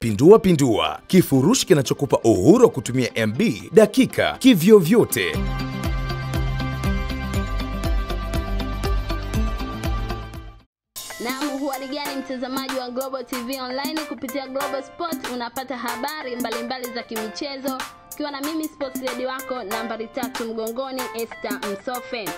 Pindua pindua, kifurushi kinachokupa uhuru wa kutumia MB dakika kivyovyote. gani mtazamaji wa Global TV Online? Kupitia Global Sport unapata habari mbalimbali mbali za kimichezo, ukiwa na mimi sports lady wako nambari tatu mgongoni, Esther Msofe.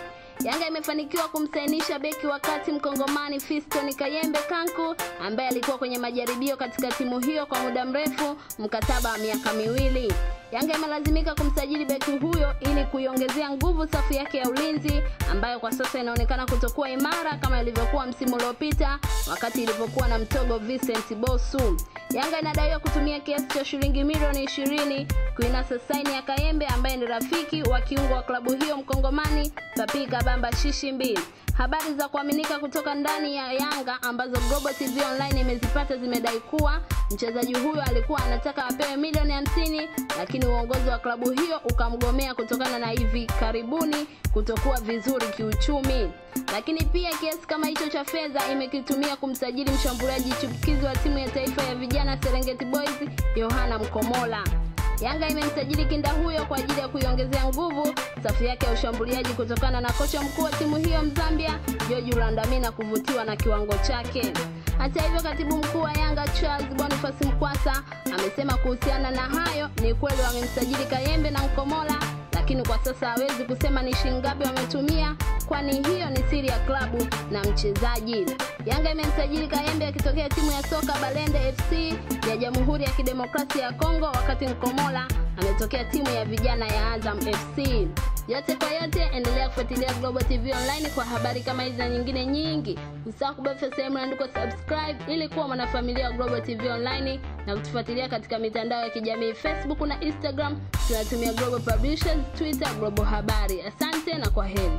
Yanga imefanikiwa kumsainisha beki wakati mkongomani Fiston Kayembe Kanku ambaye alikuwa kwenye majaribio katika timu hiyo kwa muda mrefu, mkataba wa miaka miwili. Yanga imelazimika kumsajili beki huyo ili kuiongezea nguvu safu yake ya ulinzi ambayo kwa sasa inaonekana kutokuwa imara kama ilivyokuwa msimu uliopita wakati ilipokuwa na mtogo Vincent Bosu. Yanga inadaiwa kutumia kiasi cha shilingi milioni ishirini kuinasa saini ya Kayembe ambaye ni rafiki wa kiungo wa klabu hiyo mkongomani Papika Bamba Shishi mbili. Habari za kuaminika kutoka ndani ya Yanga ambazo Global TV Online imezipata zimedai kuwa mchezaji huyo alikuwa anataka apewe milioni hamsini, lakini uongozi wa klabu hiyo ukamgomea kutokana na hivi karibuni kutokuwa vizuri kiuchumi. Lakini pia kiasi kama hicho cha fedha imekitumia kumsajili mshambuliaji chipukizi wa timu ya taifa ya vijana pamoja na Serengeti Boys Yohana Mkomola. Yanga imemsajili kinda huyo kwa ajili ya kuiongezea nguvu safu yake ya ushambuliaji kutokana na kocha mkuu wa timu hiyo Mzambia George Randamina kuvutiwa na kiwango chake. Hata hivyo, katibu mkuu wa Yanga Charles Boniface Mkwasa amesema kuhusiana na hayo, ni kweli wamemsajili Kayembe na mkomola lakini kwa sasa hawezi kusema ni shilingi ngapi wametumia, kwani hiyo ni siri ya klabu na mchezaji. Yanga imemsajili Kayembe akitokea timu ya soka Balende FC ya Jamhuri ya Kidemokrasia ya Kongo, wakati Nkomola anaitokea timu ya vijana ya Azam FC. Yote kwa yote, endelea kufuatilia Global TV Online kwa habari kama hizi na nyingine nyingi. Usisahau kubofya sehemu iliyoandikwa subscribe ili kuwa mwanafamilia wa Global TV Online na kutufuatilia katika mitandao ya kijamii Facebook na Instagram. Tunatumia Global Publishers, Twitter, Global Habari. Asante na kwa heri.